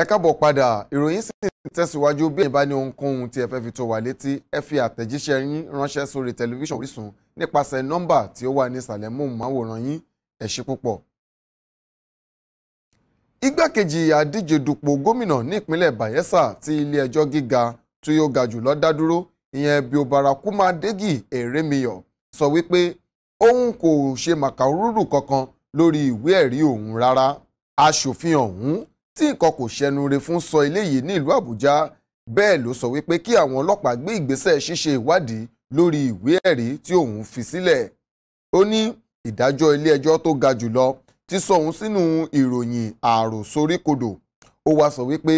ẹ káàbọ̀ padà ìròyìn sì ń tẹ̀síwájú bí ẹ̀yin bá ní ohunkóhun tí ẹ fẹ́ fi tó wà létí ẹ fi àtẹ̀jíṣẹ́ yín ránṣẹ́ sórí tẹlifíṣàn Orísun nípasẹ̀ nọ́mbà tí ó wà ní ìsàlẹ̀ móhùnmáwòrán yín ẹ ṣé púpọ̀. igbákejì àdíje dupò gómìnà ní ìpínlẹ̀ Bayelsa tí ilé ẹjọ́ gíga tó yóò ga jùlọ dá dúró ìyẹn Biobara Kuma Degi Eremiyo sọ wípé òun kò ṣe màkàrúrù kankan lórí ìwé ẹ̀rí òun rárá aṣòfin ọ̀hún tí nǹkan kò ṣẹnure fún sọ eléyìí ní ìlú Àbújá bẹ́ẹ̀ ló sọ wípé kí àwọn ọlọ́pàá gbé ìgbésẹ̀ ṣíṣe ìwádìí lórí ìwé ẹ̀rí tí òun fi sílẹ̀ ó ní ìdájọ́ ilé-ẹjọ́ tó ga jùlọ ti sọ òun sínú ìròyìn àròsóríkodò ó wá sọ wípé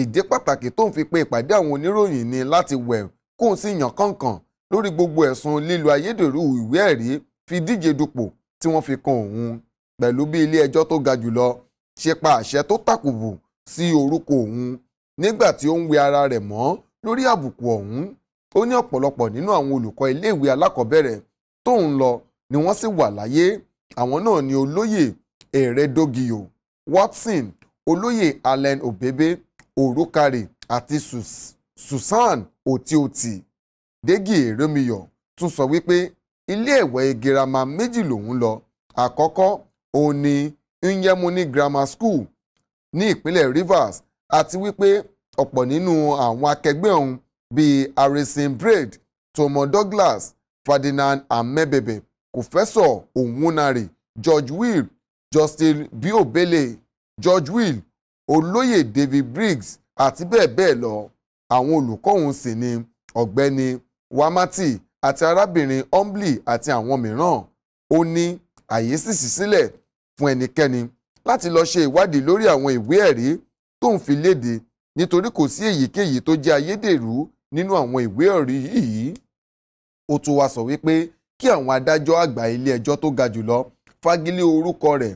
ìdí pàtàkì tóun fi pe ìpàdé àwọn oníròyìn ni láti wẹ̀ kóun sì yàn kànkàn lórí gbogbo ẹ̀sùn lílo ayédèrú ìwé ẹ̀rí fi díje dupò tí wọ́n fi kan òun pẹ̀lú bí ilé-ẹjọ́ tó ga jùlọ ṣe pa àṣẹ tó tàkùbù sí orúkọ òun nígbà tí ó ń wẹ ara rẹ̀ mọ́ lórí àbùkù ọ̀hún ó ní ọ̀pọ̀lọpọ̀ nínú àwọn olùkọ́ iléèwé alákọ̀ọ́bẹ̀rẹ̀ tó ń lọ ni wọ́n sì wà láyé àwọn náà ni olóyè Ẹ̀rẹ́dógiyò Watson olóyè Allen Obebe Orukari àti Susan Otioti Dèjì Èrèmiyọ̀ tún sọ wípé ilé ẹ̀wẹ̀ girama méjì lòun lọ àkọ́kọ́ òun ni Nyemuni Grammar School ní ìpínlẹ̀ Rivers àti wípé ọ̀pọ̀ nínú àwọn akẹgbẹ́ ọ̀hún bíi Harrison Braid Tomo Douglas Ferdinand Amebebe Kòfẹ́sọ̀ Òwúnarì George Will Justin Biobele George Will Olóyè David Briggs àti bẹ́ẹ̀ bẹ́ẹ̀ lọ àwọn olùkọ́ ọ̀hún sì ni ọ̀gbẹ́ni Wamati àti arábìnrin Humbly àti àwọn mìíràn ó ní àyè sì ṣí sílẹ̀ fún ẹnikẹ́ni láti lọ ṣe ìwádìí lórí àwọn ìwé ẹ̀rí tó ń fi léde nítorí kò sí èyíkéyìí tó jẹ́ ayédèrú nínú àwọn ìwé ẹ̀rí yìí. ó tún wá sọ wípé kí àwọn adájọ́ àgbà ilé ẹjọ́ tó ga jùlọ fagilé orúkọ rẹ̀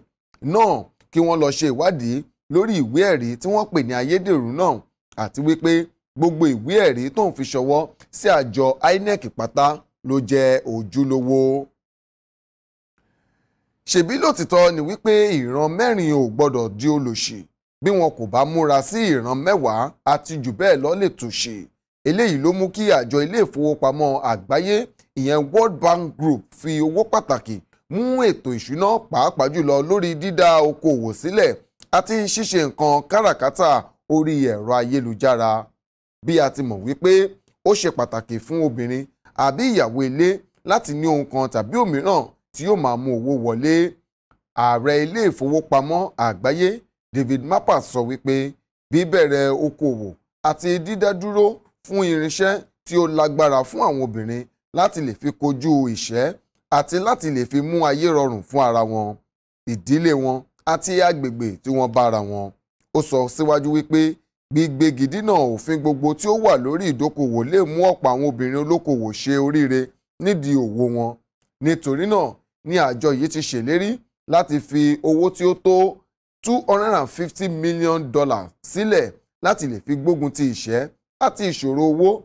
náà kí wọ́n lọ ṣe ìwádìí lórí ìwé ẹ̀rí tí wọ́n pè ní ayédèrú náà àti wípé gbogbo ìwé ẹ̀rí tó ń fi ṣọwọ́ sí àjọ INEC pátá ló jẹ́ òjúlówó ṣèbí lòtítọ́ ni wípé ìran mẹ́rin ò gbọ́dọ̀ di olòṣì bí wọn kò bá múra sí ìran mẹ́wàá àti jù bẹ́ẹ̀ lọ lè tòṣì eléyìí ló mú kí àjọ ilé ìfowópamọ́ àgbáyé ìyẹn World Bank Group fi owó pàtàkì mú ètò ìṣúná pàápàá jùlọ lórí dídá okòwò sílẹ̀ àti ṣíṣe nǹkan káràkátà orí ẹ̀rọ ayélujára bí a ti mọ̀ wípé ó ṣe pàtàkì fún obìnrin àbí ìyàwó ilé láti ní ohun kan tàbí òmíràn tí yóò máa mú owó wọlé ààrẹ ilé ìfowópamọ́ àgbáyé David Mapa sọ wípé bíbẹ̀rẹ̀ okòwò àti dídádúró fún irinṣẹ́ tí ó lágbára fún àwọn obìnrin láti lè fi kojú ìṣẹ́ àti láti lè fi mú ayé rọrùn fún ara wọn ìdílé wọn àti agbègbè tí wọ́n bá ara wọn ó sọ síwájú wípé gbígbégi dínà òfin gbogbo tí ó wà lórí ìdókòwò lè mú ọ̀pọ̀ àwọn obìnrin olókòwò ṣe oríire nídìí òwò wọn nítorí náà ni àjọ yìí ti ṣèlérí láti fi owó tí ó tó two hundred and fifty million dollars sílẹ̀ láti lè fi gbógun ti ìṣẹ́ àti ìṣòro owó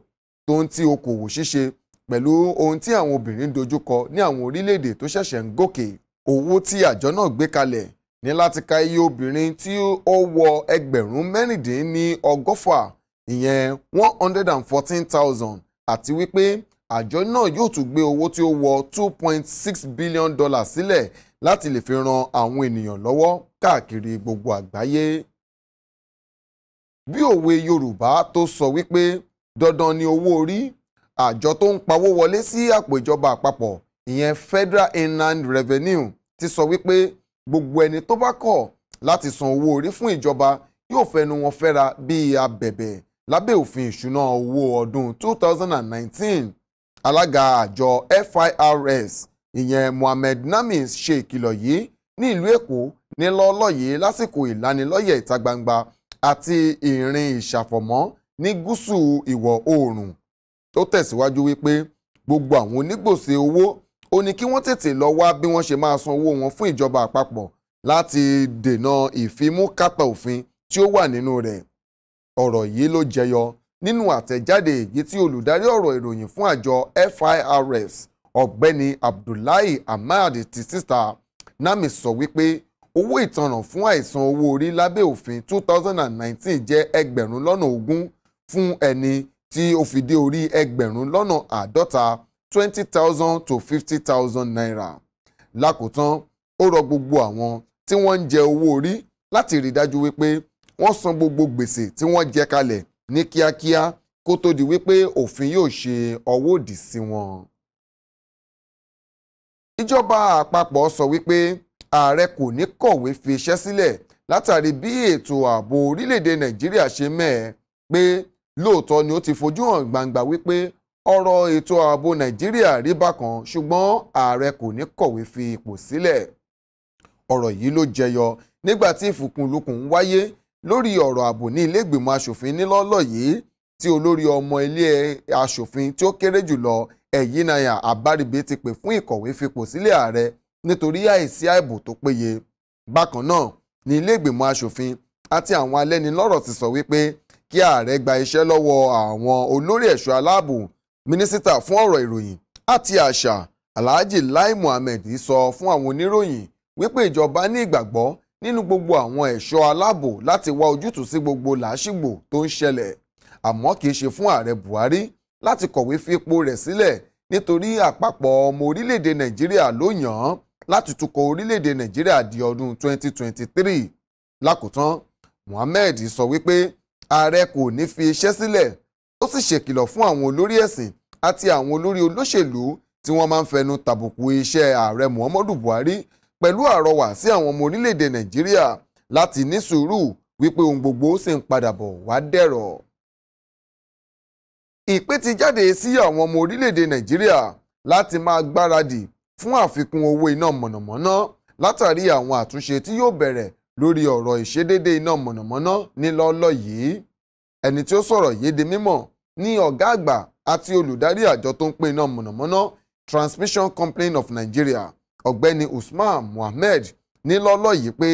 tó ń ti okòwò ṣíṣe pẹ̀lú ohun tí àwọn obìnrin dojúkọ ní àwọn orílẹ̀-èdè tó ṣẹ̀ṣẹ̀ ń gòkè owó tí àjọ náà gbé kalẹ̀ ní láti ka iye obìnrin tí ó wọ ẹgbẹ̀rún mẹ́rìndínlọ́gọ́fà ìyẹn one hundred and fourteen thousand àti wípé àjọ náà yóò tún gbé owó tí ó wọ two point six billion dollars sílẹ̀ láti lè fi ran àwọn ènìyàn lọ́wọ́ káàkiri gbogbo àgbáyé. bí òwe Yorùbá tó sọ wípé dandan ni owó orí àjọ tó ń pawó wọlé sí àpò ìjọba àpapọ̀ ìyẹn Federal Inland Revenue ti sọ wípé gbogbo ẹni tó bá kọ̀ láti san owó orí fún ìjọba yóò fẹnu wọn fẹ́ra bíi abẹ̀bẹ̀ lábẹ́ òfin ìṣúná owó ọdún 2019 alága àjọ FIRS ìyẹn Mohammed Namis ṣe ìkìlọ̀ yìí ní ìlú Èkó ní lọ́ọ́lọ́yè lásìkò ìlanilọ́yẹ̀ ìta gbangba àti ìrìn ìṣàfọ̀mọ́ ní gúúsù ìwọ̀ oòrùn tó tẹ̀síwájú wípé gbogbo àwọn onígbòsè owó ó ní kí wọ́n tètè lọ wá bí wọ́n ṣe máa san owó wọn fún ìjọba àpapọ̀ láti dènà ìfimúkàtà òfin tí ó wà nínú rẹ̀ ọ̀rọ̀ yìí ló jẹyọ nínú àtẹ̀jáde èyí tí olùdarí ọ̀rọ̀ ìròyìn fún àjọ FIRS ọ̀gbẹ́ni Abdullahi Ahmad ti síta nami sọ wípé owó ìtanràn fún àìsan owó orí lábẹ́ òfin 2019 jẹ́ ẹgbẹ̀rún lọ́nà ogún fún ẹni tí ó fi dé orí ẹgbẹ̀rún lọ́nà àádọ́ta twenty to 50,000 naira lákòótán ó rọ gbogbo àwọn tí wọ́n ń jẹ owó orí láti rí dájú wípé wọ́n san gbogbo gbèsè tí wọ́n jẹ kalẹ̀ ní kíákíá kó tó di wípé òfin yóò ṣe ọwọ́ òdì sí wọn. ìjọba àpapọ̀ sọ wípé ààrẹ kò ní kọ̀wé fi iṣẹ́ sílẹ̀ látàrí bí ètò ààbò orílẹ̀-èdè nàìjíríà ṣe mẹ́ẹ̀ pé lóòótọ́ ni ó ti fojú hàn gbangba wípé ọ̀rọ̀ ètò ààbò nàìjíríà rí bákan ṣùgbọ́n ààrẹ kò ní kọ̀wé fi ipò sílẹ̀ ọ̀rọ̀ yìí ló jẹyọ nígbà tí ìfùkùnlukùn wáyé lórí ọ̀rọ̀ ààbò ní ilé ìgbìmọ̀ asòfin nílọ́lọ́ yìí tí olórí ọmọ ilé asòfin tí ó kéré jùlọ Ẹ̀yínáyà Àbárìbí ti pè fún ìkọ̀wé fipò sílẹ̀ ààrẹ nítorí àìsí ààbò tó péye bákan náà ní ilé ìgbìmọ̀ asòfin àti àwọn alẹ́nilọ́rọ̀ ti sọ wípé kí ààrẹ gba iṣẹ́ lọ́wọ́ àwọn olórí ẹ̀ṣọ́ aláàbò mínísítà fún ọ̀rọ̀ ìròyìn àti àṣà Alhaji Lai Muhammed sọ fún àwọn oníròyìn wípé ìjọba ní ìgbàgbọ́ nínú gbogbo àwọn ẹ̀ṣọ́ aláàbò láti wá ojútùú sí gbogbo làásìgbò tó ń ṣẹlẹ̀ àmọ́ kì í ṣe fún ààrẹ Buhari láti kọ̀wé fi ipò rẹ̀ sílẹ̀ nítorí àpapọ̀ ọmọ orílẹ̀-èdè Nàìjíríà ló yàn án láti tukọ̀ orílẹ̀-èdè Nàìjíríà di ọdún 2023 lákòótán Mohammed sọ wípé ààrẹ kò ní fi iṣẹ́ sílẹ̀ ó sì ṣèkìlọ̀ fún àwọn olórí ẹ̀sìn àti àwọn olórí olóṣèlú tí wọ́n máa ń fẹnu tàbùkù iṣẹ́ ààrẹ Muhammadu Buhari pẹ̀lú àrọwà sí àwọn ọmọ orílẹ̀-èdè nàìjíríà láti ní sùúrù wípé ohun gbogbo sì ń padà bọ̀ wá dẹ̀rọ̀. ìpè ti jáde sí àwọn ọmọ orílẹ̀-èdè nàìjíríà láti máa gbáradì fún àfikún owó iná mọ̀nàmọ́ná látàrí àwọn àtúnṣe tí yóò bẹ̀rẹ̀ lórí ọ̀rọ̀ ìṣedédé iná mọ̀nàmọ́ná nílọ́ọ́lọ́ yìí ẹni tí ó sọ̀rọ̀ yìí mímọ̀ ní ọ̀gá àgbà àti olùdarí àjọ tó ń pín iná mọ̀nàmọ́ná Transmission Company of Nigeria ọ̀gbẹ́ni Usman Mohammed ní lọ́lọ́ yìí pé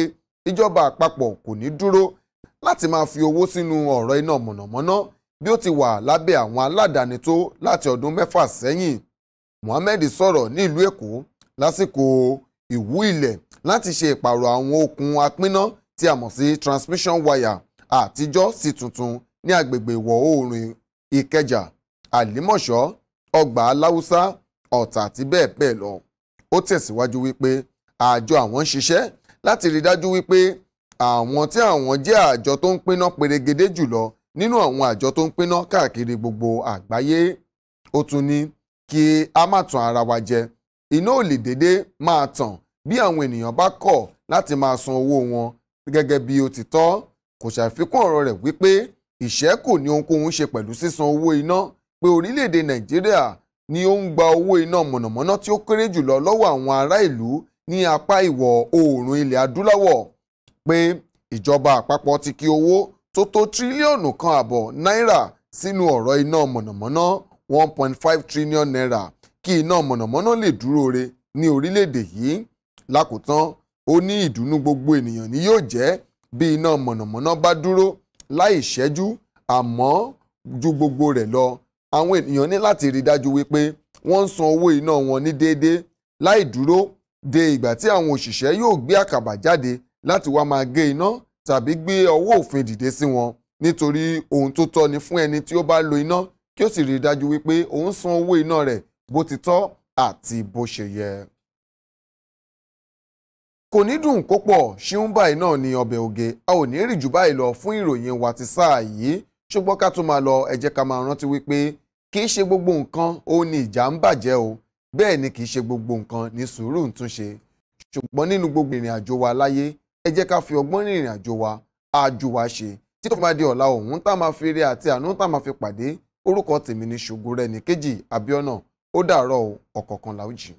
ìjọba àpapọ̀ kò ní dúró láti máa fi owó sínú ọ̀rọ̀ iná mọ̀nàmọ́ná bí ó ti wà lábẹ́ àwọn aládàáni tó láti ọdún mẹ́fà sẹ́yìn Mohammed sọ̀rọ̀ ní ìlú Èkó lásìkò ìwú ilẹ̀ láti ṣe ìpààrọ̀ àwọn okùn apínná tí a mọ̀ sí transmission wire àtijọ́ sí tuntun ní agbègbè ìwọ̀ oòrùn Ìkẹjà Àlímọ̀ṣọ́ ọgbà Aláwùsá Ọ̀tà àti bẹ́ẹ̀ bẹ́ẹ̀ lọ ó tẹ̀síwájú wípé àjọ àwọn ń ṣiṣẹ́ láti rí dájú wípé àwọn tí àwọn jẹ́ àjọ tó ń pinná perégedé jùlọ nínú àwọn àjọ tó ń pinná káàkiri gbogbo àgbáyé ó tún ní kí a má tan ara wa jẹ iná ò lè déédéé máa tàn bí àwọn ènìyàn bá kọ̀ láti máa san owó wọn gẹ́gẹ́ bí ó ti tọ́ kò ṣàfikún ọ̀rọ̀ rẹ̀ wípé ìṣẹ́ kò ní ohunkóhun ṣe pẹ̀lú sísan owó iná pé orílẹ̀-èdè nàìjíríà ni ó ń gba owó iná mọ̀nàmọ́ná tí ó kéré jùlọ lọ́wọ́ àwọn ará ìlú ní apá ìwọ̀ oòrùn ilẹ̀ adúláwọ̀ pé ìjọba àpapọ̀ ti kì owó tó tó tírílíọ̀nù kan àbọ̀ náírà sínú ọ̀rọ̀ iná mọ̀nàmọ́ná one point five trillion naira kí iná mọ̀nàmọ́ná lè dúró re ní orílẹ̀-èdè yìí lákòótán ó ní ìdùnnú gbogbo ènìyàn ni yóò jẹ́ bí iná mọ̀nàmọ́ná bá dúró láì ṣẹ́jú àmọ́ ju gbogbo rẹ̀ lọ àwọn ènìyàn ní láti rí dájú wípé wọ́n ń san owó iná wọn ní déédéé láì dúró de ìgbà tí àwọn òṣìṣẹ́ yóò gbé àkàbà jáde láti wá máa gé iná tàbí gbé ọwọ́ òfin dìde sí wọn nítorí ohun tó tọ́ ni fún ẹni tí ó bá lo iná kí ó sì rí dájú wípé òun san owó iná rẹ̀ bó ti tọ́ àti bó ṣe yẹ. kò ní dùn kó pọ̀ ṣíún báyìí náà ni ọbẹ̀ oge a ò ní rí jù báyìí lọ fún ìròyìn wa ti sáà yìí ṣùgbọ́n ká tún máa lọ ẹ jẹ́ ká máa rántí wípé kì í ṣe gbogbo nǹkan òun ni ìjà ń bàjẹ́ o bẹ́ẹ̀ ni kì í ṣe gbogbo nǹkan ní sùúrù ń túnṣe ṣùgbọ́n nínú gbogbo ìrìn àjò wa láyé ẹ jẹ́ ká fi ọgbọ́n ní ìrìn àjò wa àjò wa ṣe tí tó fi di ọ̀la òun tá máa fi rí àti àánú tá máa fi pàdé orúkọ tèmi ní ṣògo rẹ̀ ní kejì Abíọ́nà ó dàárọ̀ ọ̀kọ̀ọ̀kan làwùjì.